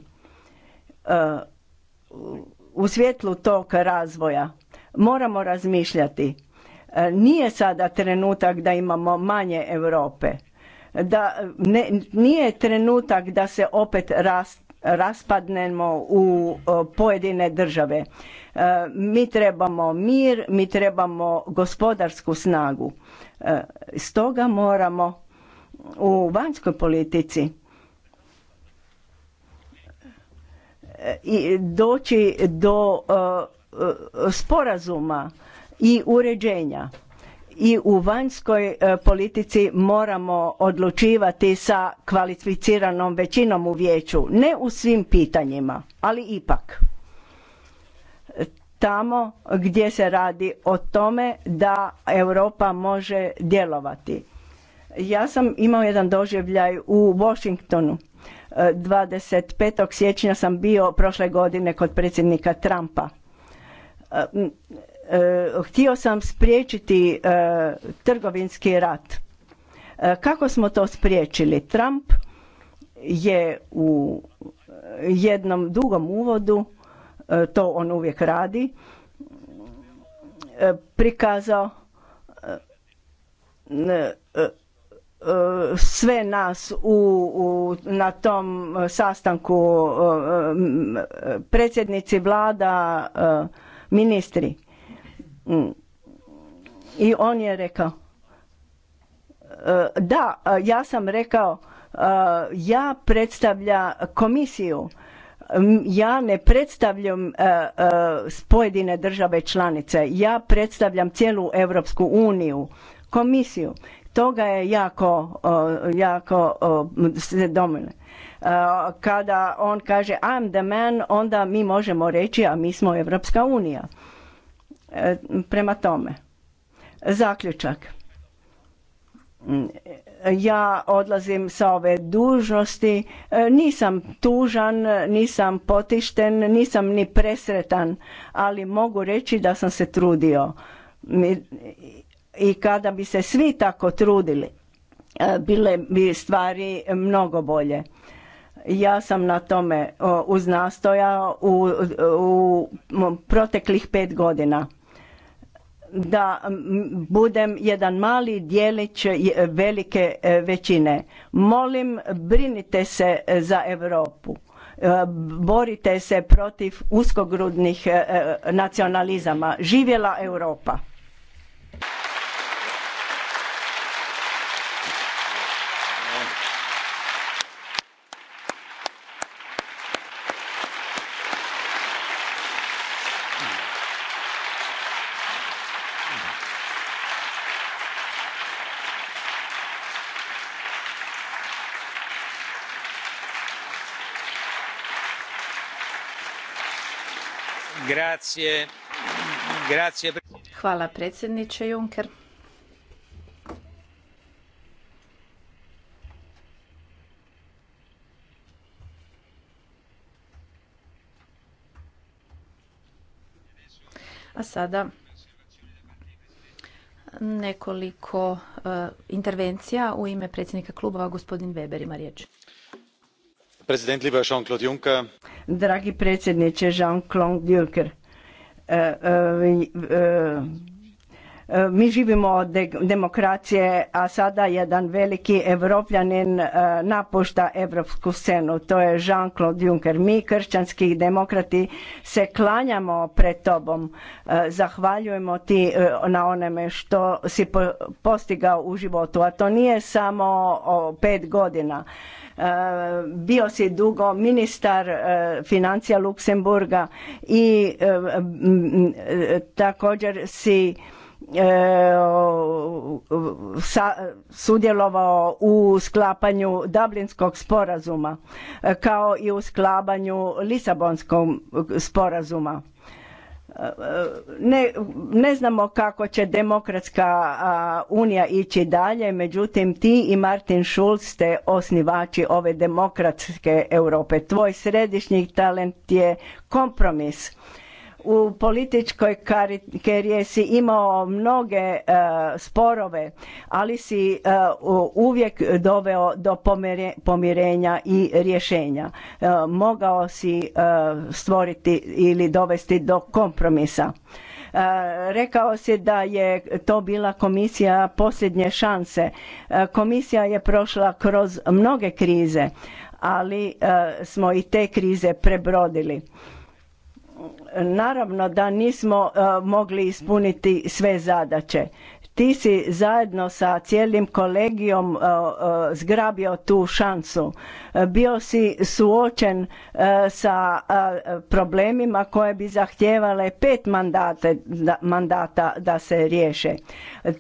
U svjetlu tog razvoja moramo razmišljati E, nije sada trenutak da imamo manje Europe. Da ne, nije trenutak da se opet raspadnemo u pojedine države. E, mi trebamo mir, mi trebamo gospodarsku snagu. E, stoga moramo u vanjskoj politici i doći do sporazuma i uređenja i u vanjskoj e, politici moramo odlučivati sa kvalificiranom većinom u vijeću ne u svim pitanjima ali ipak tamo gdje se radi o tome da Europa može djelovati ja sam imao jedan doživljaj u Washingtonu 25. E, siječnja sam bio prošle godine kod predsjednika Trumpa e, Eh, htio sam spriječiti eh, trgovinski rat. Eh, kako smo to spriječili? Trump je u jednom dugom uvodu, to on uvijek radi, prikazao sve nas u, na tom sastanku predsjednici vlada, ministri i on je rekao, e, da, e, ja sam rekao, e, ja predstavlja komisiju, ja ne predstavljam pojedine države članice, ja predstavljam cijelu Europsku uniju, komisiju. Toga je jako, jako se domine. Kada on kaže I'm the man, onda mi možemo reći, a mi smo Europska unija. E, prema tome, zaključak. Mm, ja odlazim sa ove dužnosti, e, nisam tužan, nisam potišten, nisam ni presretan, ali mogu reći da sam se trudio. I kada bi se svi tako trudili, e, bile bi stvari mnogo bolje. Ja sam na tome uznastojao u, u proteklih pet godina da budem jedan mali dijelić e, velike e, većine. Molim, brinite se e, za Europu. Borite se protiv uskogrudnih nacionalizama. Živjela Europa! Hvala predsjedniče Juncker. A sada nekoliko e, intervencija u ime predsjednika klubova gospodin Weber ima riječ. President lieber Jean-Claude Juncker, Dragi predsjedniče Jean-Claude Juncker, e, e, e, mi živimo od demokracije, a sada jedan veliki evropljanin napušta evropsku scenu. To je Jean-Claude Juncker. Mi, kršćanski demokrati, se klanjamo pred tobom. Zahvaljujemo ti na onome što si postigao u životu. A to nije samo pet godina bio si dugo ministar e, financija Luksemburga i e, također si e, sudjelovao u sklapanju Dublinskog sporazuma kao i u sklapanju Lisabonskog sporazuma ne, znamo kako će demokratska unija ići dalje, međutim ti i Martin Schulz ste osnivači ove demokratske Europe. Tvoj središnji talent je kompromis u političkoj karijeri si imao mnoge e, sporove, ali si e, uvijek doveo do pomirenja i rješenja. E, mogao si stvoriti ili dovesti do kompromisa. Rekao si da je to bila komisija posljednje šanse. Komisija je prošla kroz mnoge krize, ali smo i te krize prebrodili Naravno da nismo e, mogli ispuniti sve zadaće ti si zajedno sa cijelim kolegijom e, e, zgrabio tu šansu. E, bio si suočen sa problemima koje bi zahtijevale pet mandata da se riješe.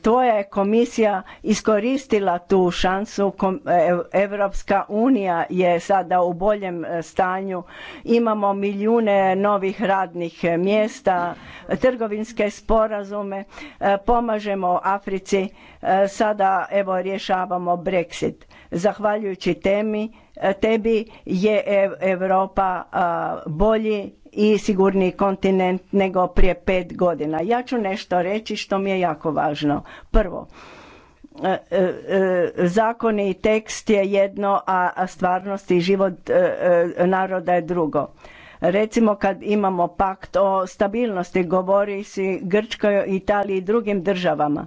To je komisija iskoristila tu šansu. Evropska unija je sada u boljem stanju. Imamo milijune novih radnih mjesta, trgovinske sporazume, pomažemo Africi e, sada evo rješavamo Brexit. Zahvaljujući temi, e, tebi je Europa e, bolji i sigurniji kontinent nego prije pet godina. Ja ću nešto reći što mi je jako važno. Prvo, zakoni i tekst je jedno, a stvarnost i život naroda je drugo. Recimo kad imamo pakt o stabilnosti, govori si Grčkoj, Italiji i drugim državama.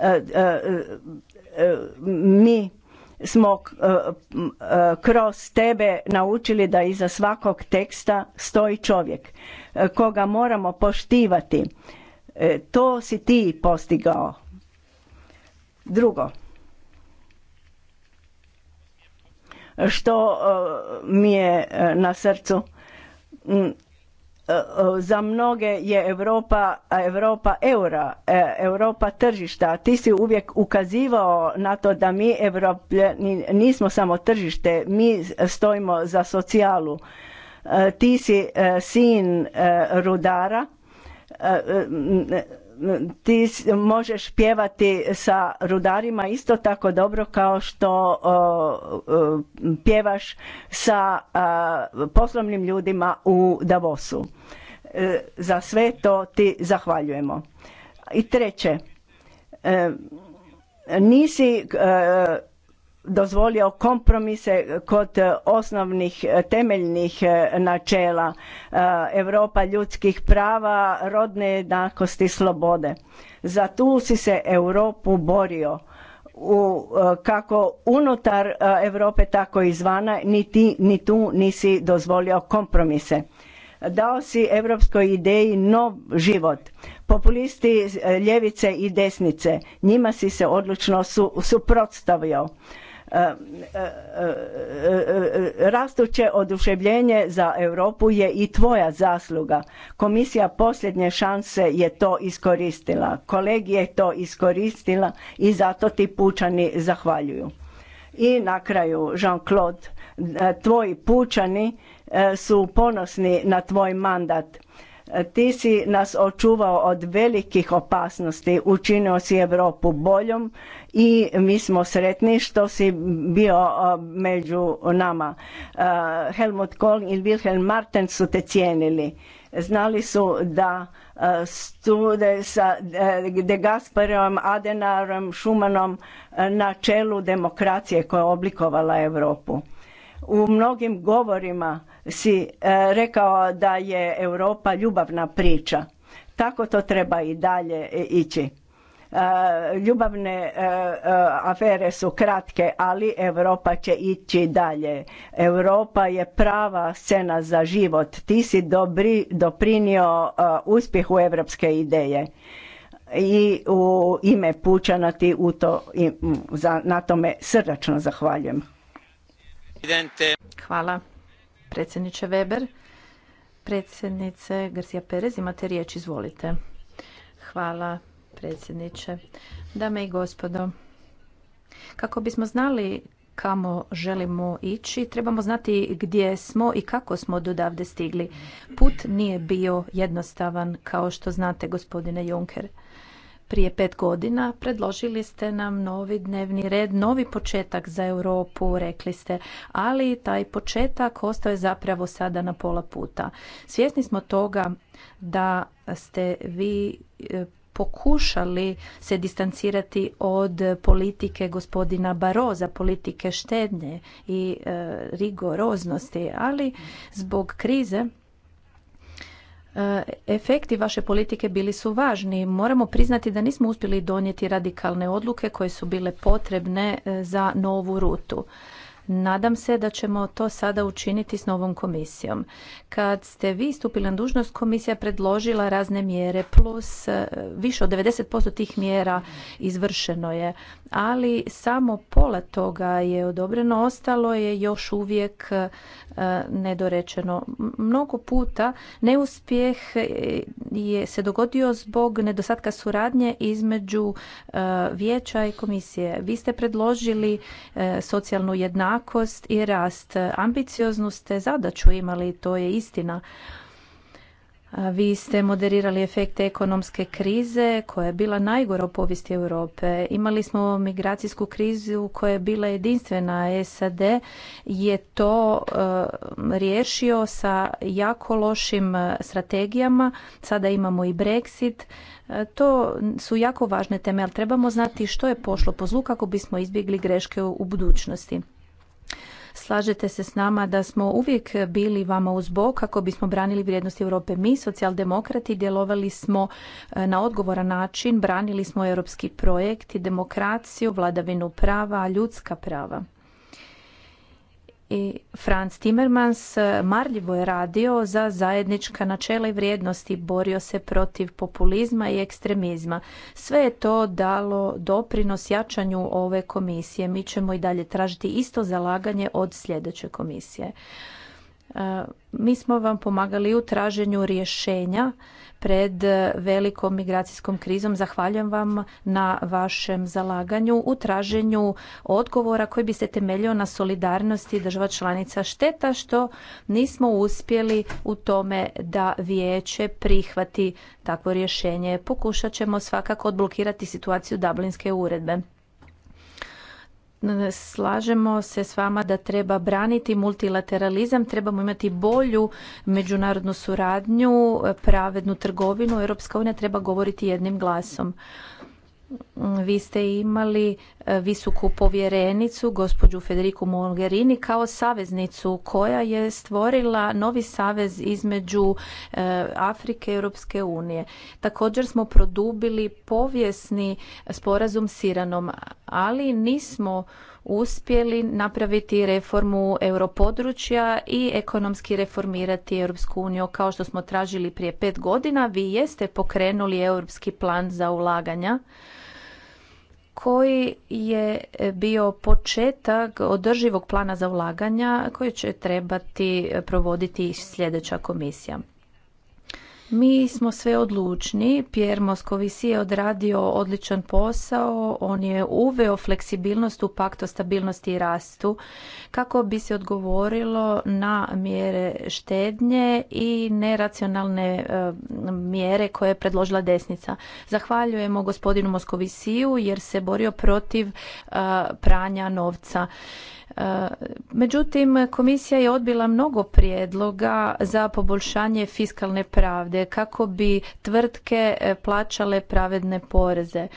E, e, e, mi smo kroz tebe naučili da iza svakog teksta stoji čovjek koga moramo poštivati. To si ti postigao. Drugo, što mi je na srcu Mm, e, e, za mnoge je Europa, Europa eura, e, Europa tržišta. Ti si uvijek ukazivao na to da mi Evropljani nismo samo tržište, mi stojimo za socijalu. Ti si sin rudara, ti možeš pjevati sa rudarima isto tako dobro kao što pjevaš sa poslovnim ljudima u Davosu. E, za sve to ti zahvaljujemo. I treće, e, nisi e, dozvolio kompromise kod e, osnovnih e, temeljnih e, načela Europa ljudskih prava, rodne jednakosti, slobode. Za tu si se Europu borio u, kako unutar Europe tako izvana ni, ni tu nisi dozvolio kompromise. Dao si europskoj ideji nov život. Populisti ljevice i desnice, njima si se odlučno suprotstavio. Rastuće oduševljenje za Europu je i tvoja zasluga. Komisija posljednje šanse je to iskoristila. Kolegi je to iskoristila i zato ti pučani zahvaljuju. I na kraju, Jean-Claude, tvoji pučani e, su ponosni na tvoj mandat ti si nas očuvao od velikih opasnosti, učinio si Europu boljom i mi smo sretni što si bio uh, među nama. Uh, Helmut Kohl i Wilhelm Martin su te cijenili. Znali su da uh, stude sa De Gasperom, Adenarom, Šumanom na čelu demokracije koja je oblikovala Europu. U mnogim govorima si e, rekao da je Europa ljubavna priča. Tako to treba i dalje e, ići. E, ljubavne afere su kratke, ali Europa će ići dalje. Europa je prava scena za život. Ti si dobri, doprinio uspjehu evropske ideje i u ime Pučana ti u to, na tome srdačno zahvaljujem. Hvala predsjedniče Weber. Predsjednice Garcia Perez, imate riječ, izvolite. Hvala, predsjedniče. Dame i gospodo, kako bismo znali kamo želimo ići, trebamo znati gdje smo i kako smo do davde stigli. Put nije bio jednostavan, kao što znate, gospodine Juncker prije pet godina predložili ste nam novi dnevni red, novi početak za Europu, rekli ste, ali taj početak ostao je zapravo sada na pola puta. Svjesni smo toga da ste vi e, pokušali se distancirati od politike gospodina Baroza, politike štednje i e, rigoroznosti, ali zbog krize E, efekti vaše politike bili su važni. Moramo priznati da nismo uspjeli donijeti radikalne odluke koje su bile potrebne e, za novu rutu. Nadam se da ćemo to sada učiniti s novom komisijom. Kad ste vi stupili na dužnost, komisija predložila razne mjere, plus e, više od 90% tih mjera izvršeno je, ali samo pola toga je odobreno, ostalo je još uvijek e, nedorečeno. Mnogo puta neuspjeh e, je se dogodio zbog nedostatka suradnje između vijeća i komisije. Vi ste predložili socijalnu jednakost jednakost i rast. Ambicioznu ste zadaću imali, to je istina. Vi ste moderirali efekte ekonomske krize koja je bila najgora u povijesti Europe. Imali smo migracijsku krizu koja je bila jedinstvena. SAD je to uh, riješio sa jako lošim eh, strategijama. Sada imamo i Brexit. Eh, to su jako važne teme, ali trebamo znati što je pošlo po zlu kako bismo izbjegli greške u budućnosti slažete se s nama da smo uvijek bili vama uz bok kako bismo branili vrijednosti Europe. Mi, socijaldemokrati, djelovali smo e, na odgovoran način, branili smo europski projekt i demokraciju, vladavinu prava, ljudska prava i Franz Timmermans marljivo je radio za zajednička načela i vrijednosti, borio se protiv populizma i ekstremizma. Sve je to dalo doprinos jačanju ove komisije. Mi ćemo i dalje tražiti isto zalaganje od sljedeće komisije. E, mi smo vam pomagali u traženju rješenja pred velikom migracijskom krizom. Zahvaljujem vam na vašem zalaganju u traženju odgovora koji bi se temeljio na solidarnosti država članica. Šteta što nismo uspjeli u tome da vijeće prihvati takvo rješenje. Pokušat ćemo svakako odblokirati situaciju Dublinske uredbe. Slažemo se s vama da treba braniti multilateralizam, trebamo imati bolju međunarodnu suradnju, pravednu trgovinu. Europska unija treba govoriti jednim glasom. Mm, vi ste imali e, visoku povjerenicu gospođu Federiku Mogherini kao saveznicu koja je stvorila novi savez između e, Afrike i Europske unije. Također smo produbili povijesni sporazum s Iranom, ali nismo uspjeli napraviti reformu europodručja i ekonomski reformirati Europsku uniju kao što smo tražili prije pet godina. Vi jeste pokrenuli europski plan za ulaganja koji je bio početak održivog plana za ulaganja koji će trebati provoditi sljedeća komisija. Mi smo sve odlučni, Pierre Moscovici je odradio odličan posao, on je uveo fleksibilnost u pakt o stabilnosti i rastu kako bi se odgovorilo na mjere štednje i neracionalne e, mjere koje je predložila desnica. Zahvaljujemo gospodinu Moscovisiju jer se borio protiv e, pranja novca Međutim, komisija je odbila mnogo prijedloga za poboljšanje fiskalne pravde kako bi tvrtke e, plaćale pravedne poreze.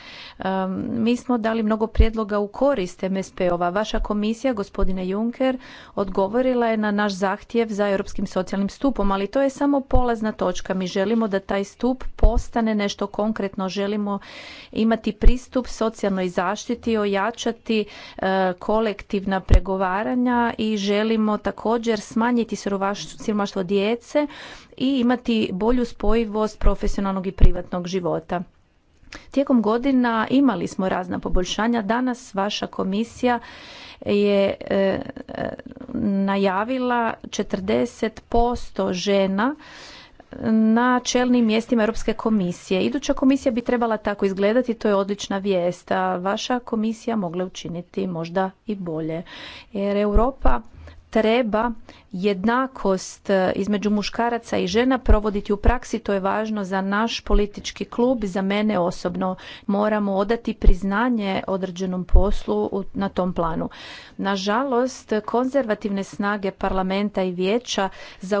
Mi smo dali mnogo prijedloga u korist MSP-ova. Vaša komisija, gospodine Juncker, odgovorila je na naš zahtjev za europskim socijalnim stupom, ali to je samo polazna točka. Mi želimo da taj stup postane nešto konkretno. Želimo imati pristup socijalnoj zaštiti, ojačati e, kolektivna pregovaranja pregovaranja i želimo također smanjiti siromaštvo djece i imati bolju spojivost profesionalnog i privatnog života. Tijekom godina imali smo razna poboljšanja. Danas vaša komisija je e, e, najavila 40% žena na čelnim mjestima Europske komisije. Iduća komisija bi trebala tako izgledati, to je odlična vijest, a vaša komisija mogla učiniti možda i bolje. Jer Europa treba jednakost e, između muškaraca i žena provoditi u praksi, to je važno za naš politički klub za mene osobno. Moramo odati priznanje određenom poslu na tom planu. Nažalost, konzervativne snage parlamenta i vijeća za